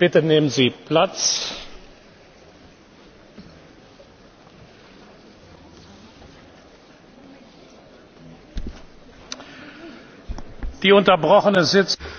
bitte nehmen sie platz. die unterbrochene sitzung